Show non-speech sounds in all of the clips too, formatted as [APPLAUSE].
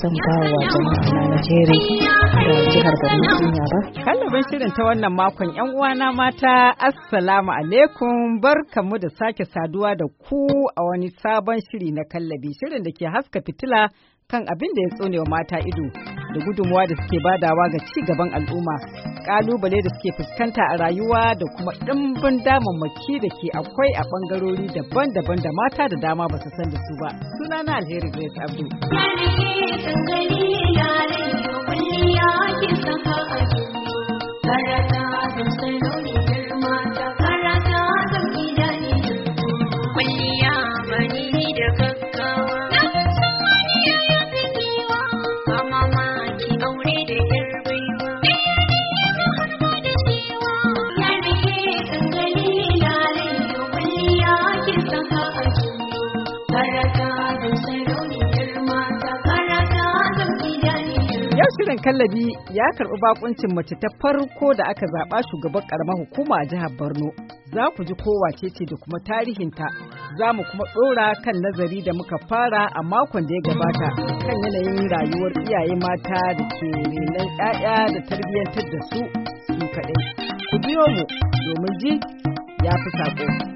zan ba wa jama'a na Najeriya da eh, jihar Borno kunya ba. Kallabin shirin ta wannan makon yan uwana mata assalamu alaikum barkamu da sake saduwa da ku a wani sabon shiri na kallabi shirin da ke haska fitila kan abin da ya tsone wa mata ido da gudunmuwa da suke badawa ga ci gaban al'umma kalubale da suke fuskanta a rayuwa da kuma ɗimbin damammaki da ke akwai a ɓangarori daban-daban da mata da dama ba su san da su ba suna na alheri grace abdu Thank you. Shirin kallabi ya karɓi bakuncin mace ta farko da aka zaɓa shugaban ƙaramar hukuma a jihar Borno. Za ku ji kowa ce da kuma tarihinta. Za mu kuma ɗora kan nazari da muka fara a makon da ya gabata kan yanayin rayuwar iyaye mata da ke renon 'ya'ya da tarbiyyantar da su su kaɗai. Ku biyo mu domin ji ya fi saƙo.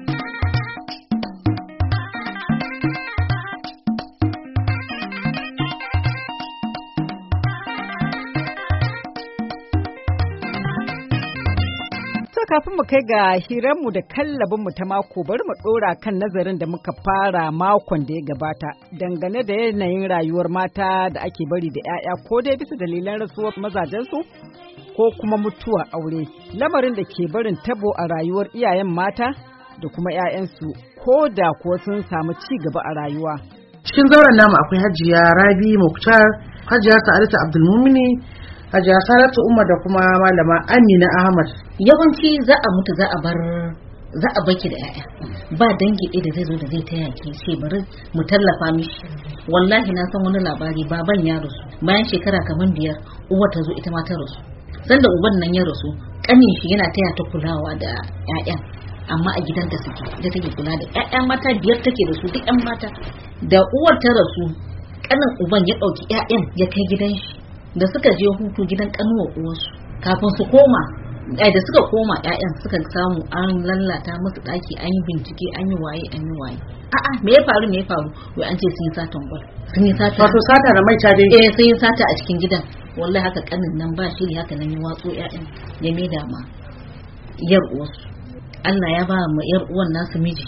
to kafin mu kai ga hiranmu da kallabinmu ta mako bari mu ɗora kan nazarin da muka fara makon da ya gabata dangane da yanayin rayuwar mata da ake bari da 'ya'ya ko dai bisa dalilan rasuwar mazajensu ko kuma mutuwa aure lamarin da ke barin tabo a rayuwar iyayen mata da kuma 'ya'yansu ko da kuwa sun samu ci gaba a rayuwa. Cikin zauren namu akwai hajiya Rabi Muktar, hajiya Sa'adatu Abdulmumini, a Saratu Umar da kuma malama Amina Ahmad. Yawanci za a mutu za a bar za a baki da 'ya'ya ba dangi ɗaya da zai zo da zai taya ki sai bari mu tallafa mishi wallahi na san wani labari baban ya rasu bayan shekara kamar biyar uwa ta zo ita ma ta rasu sanda uban nan ya rasu kanin shi yana taya ta kulawa da 'ya'yan amma a gidanta suke da take kula da 'ya'ya mata biyar take da su duk 'yan mata da uwar ta rasu kanin uban ya ɗauki 'ya'yan ya kai gidan shi da suka je hutu gidan kanuwa uwarsu kafin su koma ai eh, da suka koma ƴaƴan suka samu an lallata musu ɗaki an yi bincike an yi waye an yi waye a'a me ya faru me ya faru wai an ce sun yi satan gwal sun yi sata wato sata da mai dai eh sun yi sata a cikin gidan wallahi haka kanin nan ba shiri haka nan ya watso ƴaƴan ya mai dama yar uwarsu Allah ya ba mu yar uwan nasu miji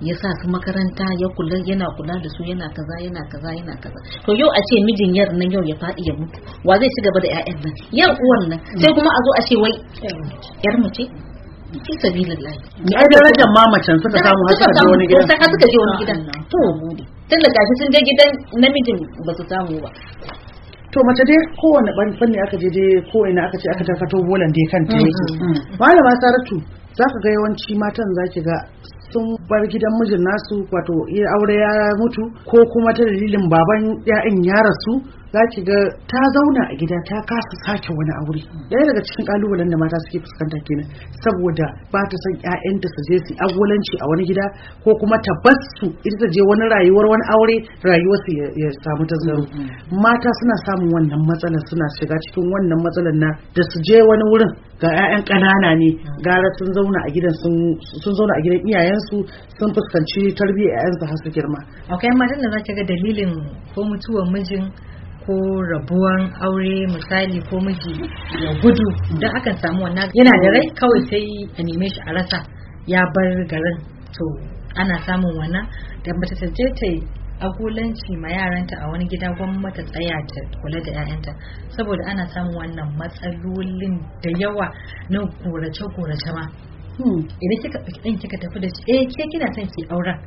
ya sa su makaranta ya kula yana kula da su yana kaza yana kaza yana kaza to yau a ce mijin yar nan yau ya faɗi ya mutu wa zai ci gaba da ƴaƴan nan yar uwan nan sai kuma a zo a ce wai yar mace sabi lillahi ni ai darajar mamacin suka samu haka da wani gidan suka suka je wani gidan to tun da gashi sun je gidan namijin ba su samu ba to mace dai kowane fanni aka je dai ko ina aka ce aka tarkato bolan dai ta yake mm-hmm. malama saratu zaka ga yawanci matan zaki ga sun bar gidan mijin nasu wato aure ya mutu ko kuma ta dalilin baban 'ya'yan ya rasu za ki ga ta zauna a gida ta kasa sake wani aure ɗaya daga cikin kalubalen da mata suke fuskanta kenan saboda ba ta son ƴaƴanta su je su agwalanci a wani gida ko kuma ta su ita ta je wani rayuwar wani aure rayuwar su ya samu tasgaro mm, mm. mata suna samun wannan matsalar suna shiga cikin wannan matsalar na da su je wani wurin ga 'ya'yan ƙanana ne gara sun zauna a gidan sun zauna a gidan iyayensu sun fuskanci tarbiyyar 'ya'yansu har su girma. Akwai matan da za ga dalilin ko mutuwar mijin ko rabuwan aure misali ko miji ya gudu don akan samu wannan yana da rai kawai sai a neme shi a rasa ya bar garin to ana samun wannan da mace ta je ta agulanci ma yaranta a wani gida gwamnati tsaya ta kula da 'ya'yanta saboda ana samun wannan matsalolin da yawa na gorace-gorace ma Hmm, idan kika ɗauki kika tafi da shi eh ke kina son ki auren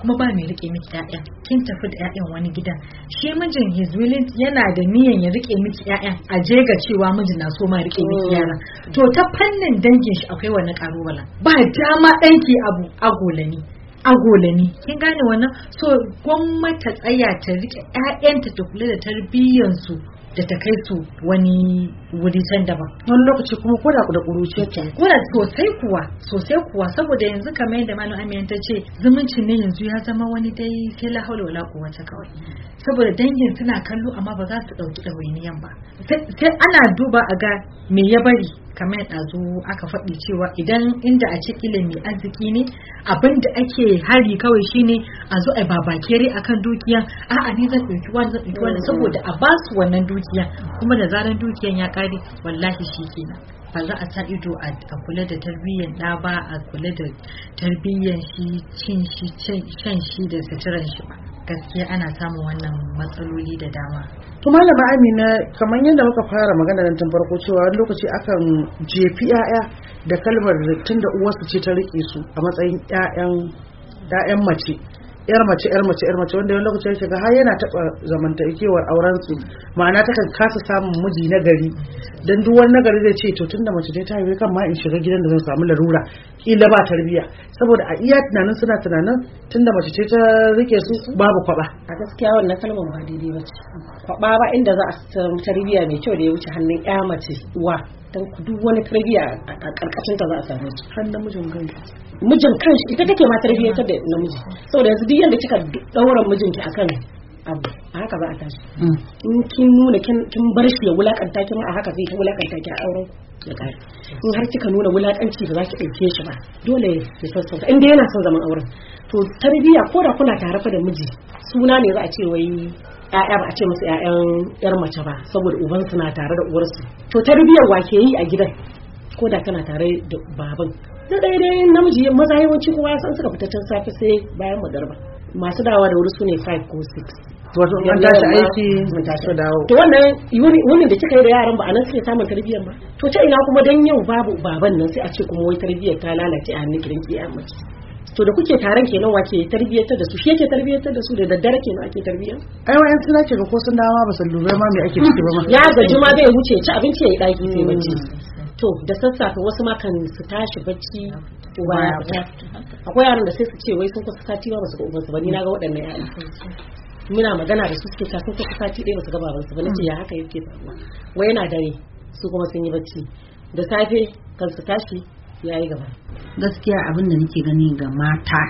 kuma ba mai rike miki ƴaƴa kin tafi da ƴaƴan wani gidan shi mijin his willing yana da niyan ya rike miki ƴaƴan a je ga cewa mijin na so ma rike miki yara hmm. to ta fannin dangin shi akwai wani karuwala ba dama ɗanki abu agolani agolani golani kin gane wannan so gwamnati tsaya ta rike ƴaƴanta ta kula da tarbiyyar da ta kai su wani wuri can daban wani lokaci kuma ko da da ta ko da sosai kuwa sosai kuwa saboda yanzu kamar yadda manu amiyan ta ce zumunci ne yanzu ya zama wani dai sai la haula wala quwwata kawai saboda dangin suna kallo amma ba za su dauki ɗawainiyan ba sai ana duba a ga me ya bari kamar yadda zo aka faɗi cewa idan inda a ce ilimi arziki ne abinda ake hari kawai shine a zo a babakere akan dukiya a'a ni zan ɗauki wani zan ɗauki wani mm. saboda a basu wannan dukiya dukiya kuma da zaran dukiyan ya kare wallahi shi kenan ba za a sa ido a kula da tarbiyyar ɗa ba a kula da tarbiyyar shi cin shi cin shi da suturan shi ba gaskiya ana samun wannan matsaloli da dama to malama amina kamar yadda muka fara magana nan tun farko cewa wani lokaci akan jefi 'ya'ya da kalmar tunda uwarsu ce ta rike su a matsayin 'ya'yan mace yar mace yar mace yar mace wanda wani lokaci ya shiga har yana taɓa zamantakewar auren su ma'ana kan kasa samun miji na gari dan duk wani nagari zai ce to tunda mace dai ta haife kan ma in shiga gidan da zan samu larura kila ba tarbiya saboda a iya tunanin suna tunanin tunda mace ce ta rike su babu kwaba a gaskiya wannan kalmar ba daidai ba ce kwaba ba inda za a samu tarbiyya mai kyau da ya wuce hannun ya mace uwa don duk wani tarbiyya a karkashin ta za a same su hannun mijin gani mijin kanshi ita take ma ta da namiji saboda yanzu duk yanda kika daura mijinki akan abu a haka za a tashi hmm. in kin nuna kin bar shi ya wulakanta kin a haka zai wulakanta ki a auren ya kare in har kika nuna wulakanci ba za ki ɗauke shi ba dole ya sassauta inda yana son zaman auren to tarbiyya ko da kuna tare da miji suna ne za a ce wai ƴaƴa ba a ce musu yayan yar mace ba saboda uban na tare da uwarsu to tarbiyyar wa ke yi a gidan ko da kana tare da baban na ɗaya dai namiji maza yawanci kowa ya san suka fita can safe sai bayan ba. masu dawa da wuri su ne 5 ko 6 wato an tashi aiki mun tashi dawo to wannan wani da kika yi da yaran ba anan suke samun tarbiyyar ba to ce ina kuma dan yau babu baban nan sai a ce kuma wai tarbiyyar ta lalace a hannun kiran kiyamaci to da kuke taron kenan ke tarbiyyar da su shi yake tarbiyyar da su da daddare kenan ake tarbiyyar ai wayan suna ce ko sun dawa ba san lura ma me ake ciki ba ma [LAUGHS] ya gaji ma bai wuce ci abinci yayi daki sai hmm. bacci to da sassafe wasu ma kan su tashi bacci uba ya akwai yaran da sai su ce wai sun kusa sati ba su ga ubansu ba ni na ga waɗannan yaran muna magana da su suke ta sun kusa sati ɗaya ba su ga babansu ba nace ya haka yake faruwa wai yana dare su kuma sun yi bacci da safe kan su tashi ya yi gaba gaskiya abin da nake gani ga mata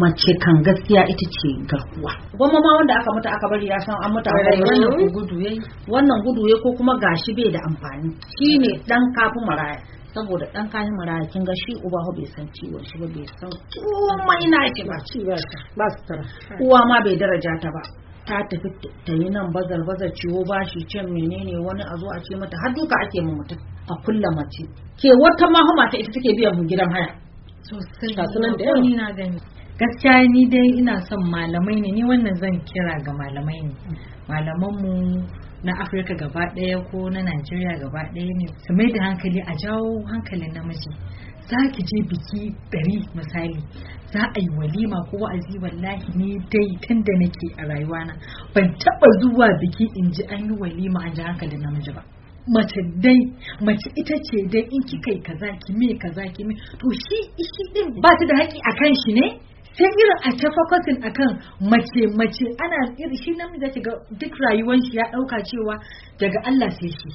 mace kan gaskiya ita ce garkuwa gwamma ma wanda aka mata aka bari ya san an mata wannan gudu yayi wannan gudu ko kuma gashi bai da amfani shine dan kafin maraya saboda dan kayan maraya kin ga shi uba bai san ciwon shi ba bai san komai na shi ba ci ba ba su tara uwa ma bai daraja ta ba ta tafi ta yi nan bazar bazar ciwo ba shi can menene wani a zo a ce mata har duka ake ma mutum a kulla mace ke wata ma mata ita take biya mu gidan haya sosai ga sunan da na gani gaskiya ni dai ina son malamai ne ni wannan zan kira ga malamai ne mm. malaman mu na afirka gaba ɗaya ko na najeriya gaba ɗaya ne su mai da hankali a jawo hankalin namiji za ki je biki ɗari misali za a yi walima ko wa'azi wallahi ni dai tun da nake a rayuwana ban taɓa zuwa biki in ji an yi walima an ji hankalin namiji ba mace dai mace ita ce dai in kika yi kaza ki me kaza ki me to shi shi din ba ta da haƙi a kan shi ne sai irin a ta a akan mace mace ana iri shi namiji zaki ga duk rayuwar shi ya dauka cewa daga Allah sai shi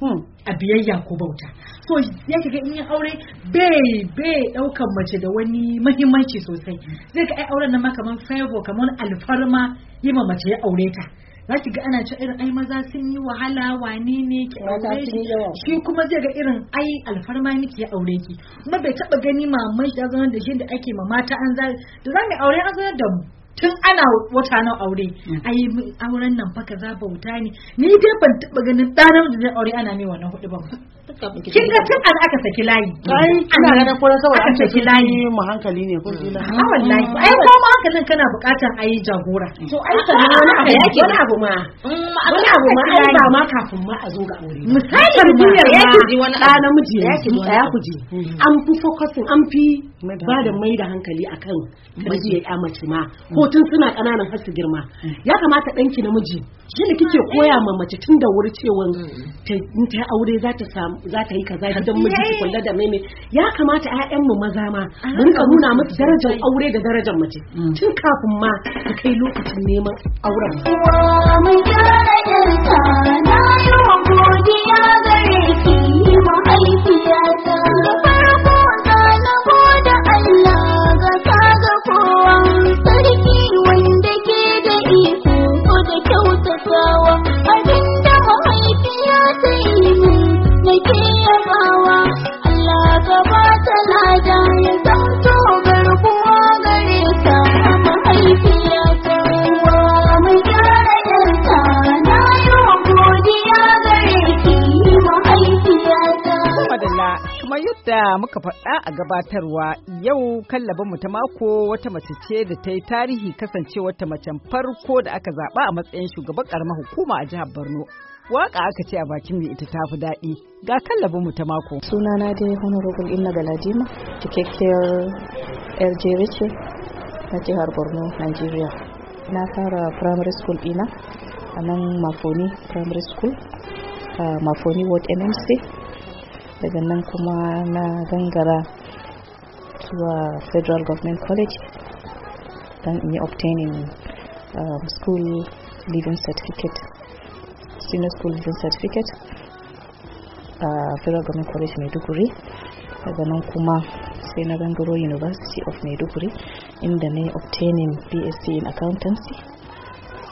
hmm. a biyayya ko bauta so ya ga in yi aure bai bai daukan mace da wani mahimmanci sosai zai ga ai auren na ma kamar favor kamar alfarma yi ma mace ya aure ta za ki ga ana cewa irin ai maza sun yi wahala wane ne ki aure shi kuma zai ga irin ai alfarma miki ya aure ki kuma bai taba gani mamai shi zama da shi da ake ma mata an zai da za mu aure an zai da mu tun ana wata nan aure mm. ai auren nan fa kaza bauta ne ni dai ban taba ganin da nan da aure ana mai wannan hudu ba kin ga tun an aka saki layi ai ina ganin ko saboda aka saki layi mu hankali ne ko kila a ah, wallahi mm. ai ko mu nan kana bukatar ai jagora to ai ka wani abu yake wani abu ma mm, wani abu ma ai ba ma kafin ma a zo ga aure misali ya ji wani da namiji ya ji ya kuji an fi focusing an fi ba da mai da hankali akan tarbiyyar ya mace ma mm. ko tun suna ƙananan har su girma mm. ya kamata ɗanki namiji shi da kike koya eh. ma mace tun da wuri cewa mm. in ta aure za ta za ta yi kaza gidan miji ki kula da meme ya kamata ƴaƴan mu maza ma mu rika nuna musu darajar aure da darajar mace tun kafin ma ka kai lokacin neman auren mun godiya gare ki za a gabatarwa yau kallabinmu ta mako wata mace ce da ta yi tarihi kasance wata macen farko da aka zaɓa a matsayin shugaban ƙaramar hukuma a jihar Borno. Waka aka ce a bakin mai ita tafi daɗi ga kallabinmu ta mako. Suna na dai Honorable Inna Galadima, cikakkiyar yar jere ce na jihar Borno, Nigeria. Na fara primary school ɗina a nan Mafoni primary school, Mafoni Ward MMC. daga nan kuma na gangara zuwa federal government college don in yi obtaining um, school living certificate senior school living certificate a uh, federal government college maiduguri daga nan kuma sai na gangaro university of maiduguri inda na yi obtaining bsc in accountancy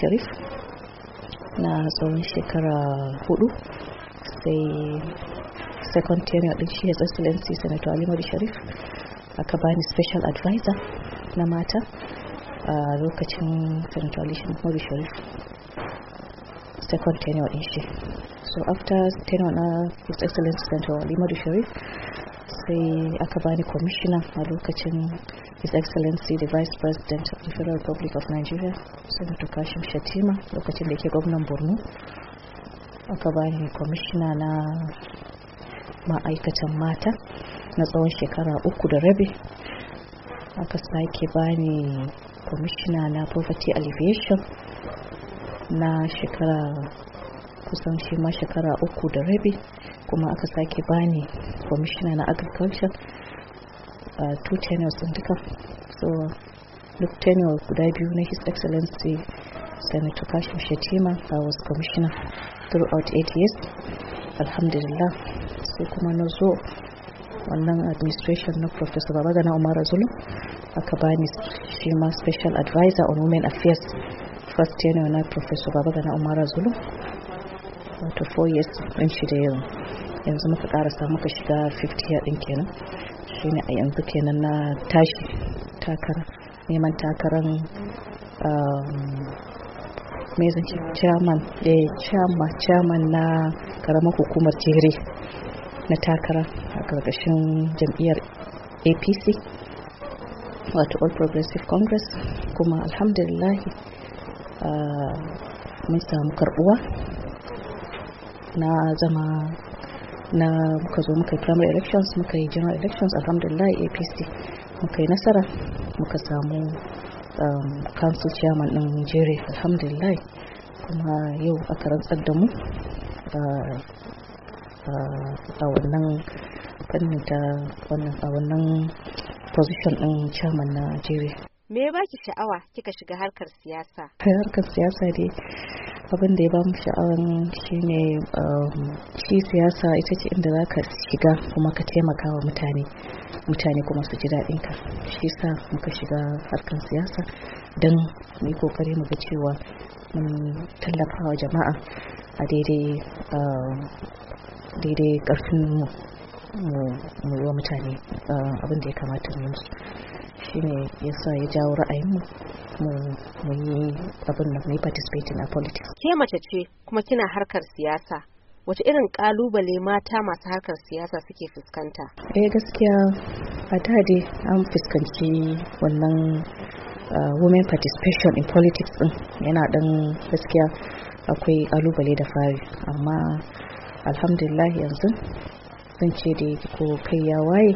sharif na tsawon shekara hudu sai second tenure din shi his excellency senator alimadu sharif aka bani special advisor na mata a lokacin senator alimadu sharif second tenure din shi so after tenure na his excellency senator alimadu sharif sai aka bani commissioner a lokacin His Excellency the Vice President of the Federal Republic of Nigeria, Senator Kashim Shatima, lokacin da yake gwamnan Borno, aka bani kwamishina na ma'aikatan mata na tsawon shekara uku da rabi, aka sake bani na Poverty Alleviation na shekara kusan shi ma shekara uku da rabi kuma aka sake bani kwamishina na agriculture uh, two tenures din duka so duk tenure guda biyu na his excellency senator kashim shetima i was commissioner throughout eight years alhamdulillah sai kuma na zo wannan administration na professor babagana umar zulu aka bani shi ma special advisor on women affairs first tenure na professor babagana umar zulu wato four years ɗin she da yanzu muka ƙarasa muka shiga 50 year ɗin kenan shine a yanzu kenan na tashi takara neman takarar um, mai chairman da eh, chairman chairman na karamar hukumar jere na takara a gargashin jam'iyyar apc wato all progressive congress kuma alhamdulillahi uh, mun samu karbuwa na zama na muka zo muka yi primary elections muka yi general elections alhamdulillah apc muka yi nasara muka samu um, council chairman din jere alhamdulillah kuma yau aka rantsar da mu a wannan fannin ta wannan a wannan position din chairman na jere me ya baki sha'awa kika shiga harkar siyasa harkar siyasa dai abin da ya ba mu shine um, shi siyasa ita ce inda za ka shiga kuma ka taimaka wa mutane mutane kuma su ji daɗin ka shi sa muka shiga harkan siyasa don mu kokari mu ga cewa mun tallafa wa jama'a a daidai um, daidai ƙarfin mu mu yi wa mutane ah, abin da ya kamata mu yi shine yasa ya jawo ra'ayin mu mu yi abin da mu yi participating a politics ke mace ce kuma kina harkar siyasa wata irin kalubale mata masu harkar siyasa suke fuskanta eh gaskiya a da an fuskanci wannan ah, women participation in politics din yana dan gaskiya akwai kalubale da fari amma alhamdulillah yanzu kasance da da ko kai ya waye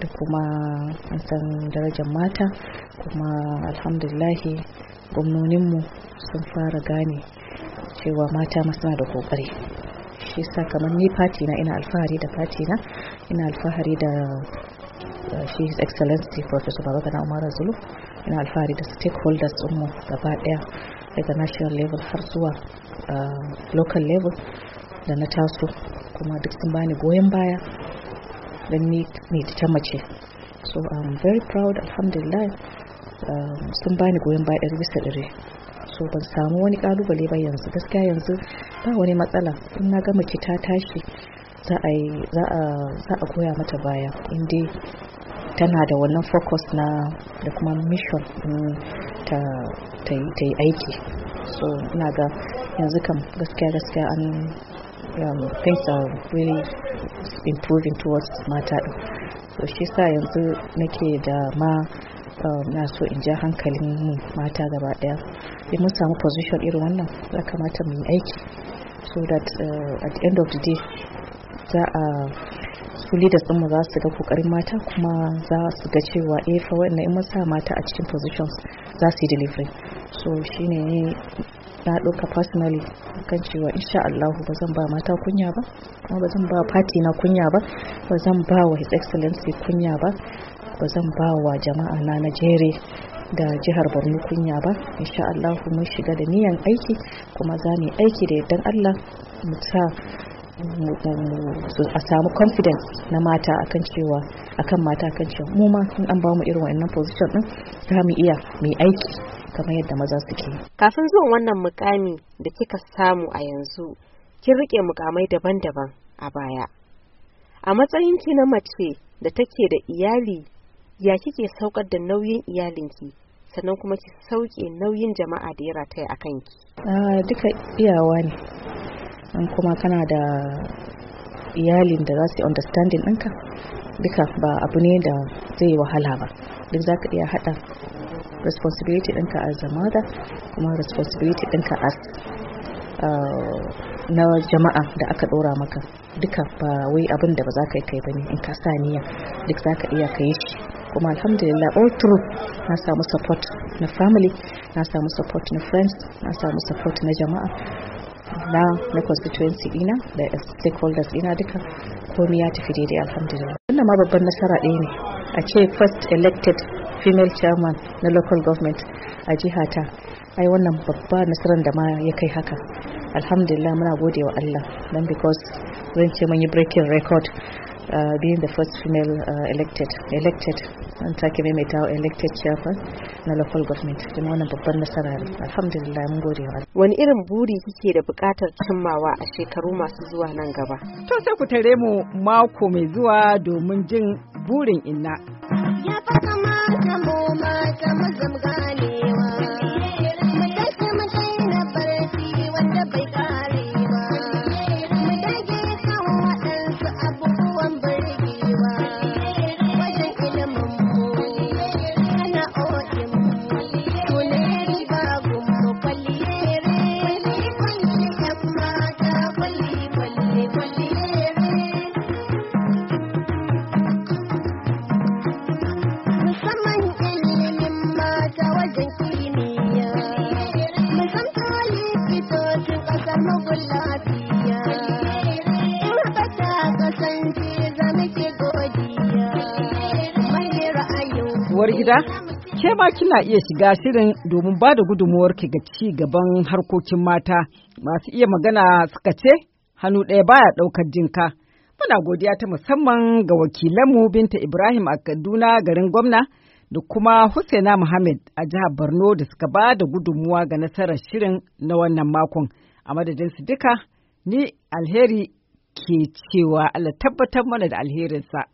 da kuma an san darajar mata kuma alhamdulahi gwamnoninmu sun fara gane cewa mata suna da kokari shi sa kamar ni fati na ina alfahari da fati na ina alfahari da shi his excellency professor babagana umar zulu ina alfahari da stakeholders mu gaba daya daga national level har zuwa ah, local level da na taso kuma duk sun bani goyon baya don ni ta mace so i'm very proud alhamdulillah um, sun bani goyon baya ɗari bisa ɗari so ban samu wani ƙalubale ba yanzu gaskiya yanzu ba wani matsala in na ga mace ta tashi za a koya mata baya in dai tana da wannan focus na da kuma mission in ta yi aiki so ina ga yanzu kam gaskiya gaskiya an um, things are really improving towards mata ɗin so shi sa yanzu nake da ma um, na so in ji hankalin mu mata gaba ɗaya in mun samu position irin wannan ya kamata mu yi aiki so that uh, at the end of the day za a su leaders mu za su ga kokarin mata kuma za su ga cewa eh fa wannan in mun sa mata a cikin positions za su yi delivery so shine na ɗauka personally kan cewa insha Allahu ba zan ba mata kunya ba kuma ba zan ba party na kunya ba ba zan ba wa his excellency kunya ba ba zan ba wa jama'a na Najeriya da jihar Borno kunya ba insha Allahu mun shiga da niyan aiki kuma za mu aiki da yardan Allah mu sa a samu confidence na mata akan cewa akan mata akan cewa mu ma sun an ba mu irin wannan position din za mu iya mai aiki kamar yadda maza suke kafin zuwa wannan mukami da kika samu a yanzu kin rike mukamai daban-daban a baya a matsayin ki na mace da take da iyali ya kike saukar da nauyin iyalinki sannan kuma ki sauke nauyin jama'a da ya rataya a kanki ah, duka iyawa ne in kuma kana da iyalin da za su yi understanding ɗinka duka ba abu ne da zai wahala ba duk za ka iya haɗa responsibility ɗinka as a mother kuma responsibility ɗinka as uh, na jama'a da aka ɗora maka duka ba wai abin da ba za ka yi kai bane in ka sa niyya duk za ka iya kai shi kuma alhamdulillah all through na samu support na family na samu support na friends na samu support na jama'a na na constituency dina da stakeholders dina duka komai ya tafi daidai alhamdulillah wannan ma babban nasara ɗaya ne a ce first elected female chairman na local government a jihata ai wannan babba nasarar da ma ya kai haka alhamdulillah muna gode wa Allah don because zan ce mun yi breaking record uh, being the first female uh, elected elected an take maimaita elected chairman na local government kuma wannan babban nasara ne alhamdulillah mun gode wa wani irin buri kike da buƙatar cimmawa a shekaru masu zuwa nan gaba to sai ku tare mu mako mai zuwa domin jin burin inna ya fa kama kamo mata mazam ganewa Ya tashi mu kai na barci wanda bai uwar gida, ke ma kina iya shiga shirin domin ba da ki ga ci gaban harkokin mata masu iya magana suka ce hannu ɗaya baya ɗaukar jinka. Muna godiya ta musamman ga wakilanmu Binta Ibrahim a Kaduna garin gwamna da kuma Husaina Muhammad a jihar Borno da suka ba da gudunmuwa ga nasarar shirin na wannan makon. A madadin su duka, ni alheri ke cewa Allah tabbatar mana da alherinsa.